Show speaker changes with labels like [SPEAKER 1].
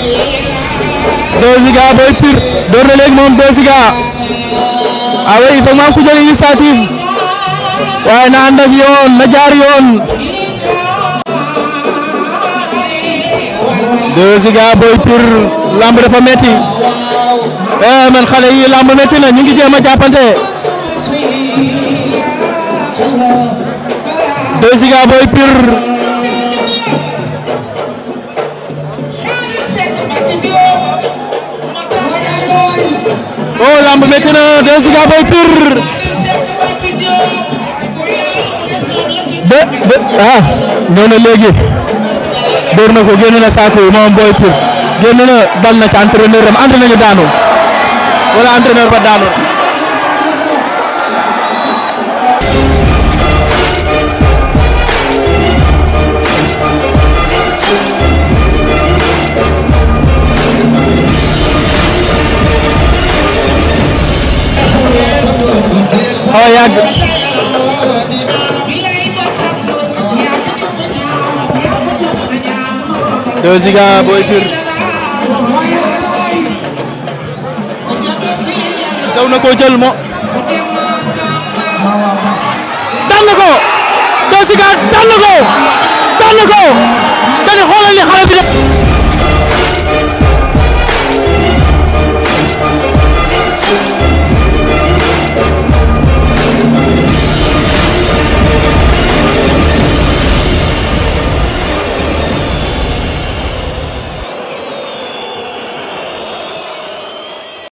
[SPEAKER 1] 2 Giga Boy Pire door na léegi moom 2 Giga
[SPEAKER 2] ah oui il faut que
[SPEAKER 1] ku jël initiative waaye na ànd ak yoon na jaar yoon 2 Giga Boy Pire
[SPEAKER 3] lamb dafa metti eh man xale yi lamb metti na ñu ngi jéem a jàppante
[SPEAKER 1] 2 Giga Boy Pire.
[SPEAKER 4] oh lamb métti na deux Sika Boy Pire
[SPEAKER 5] de de ah nee na léegi na ko génn na saako yi moom Boy Pire génn na dal na ci entraîneur am entraîneur ñu daanu wala entraîneur ba daanu.
[SPEAKER 1] xaw a yàgg Deux Giga Boy Pire
[SPEAKER 6] daw na ko jël mo dal na ko Deux Giga dal na ko dal na ko dañu xoolal li xale bi def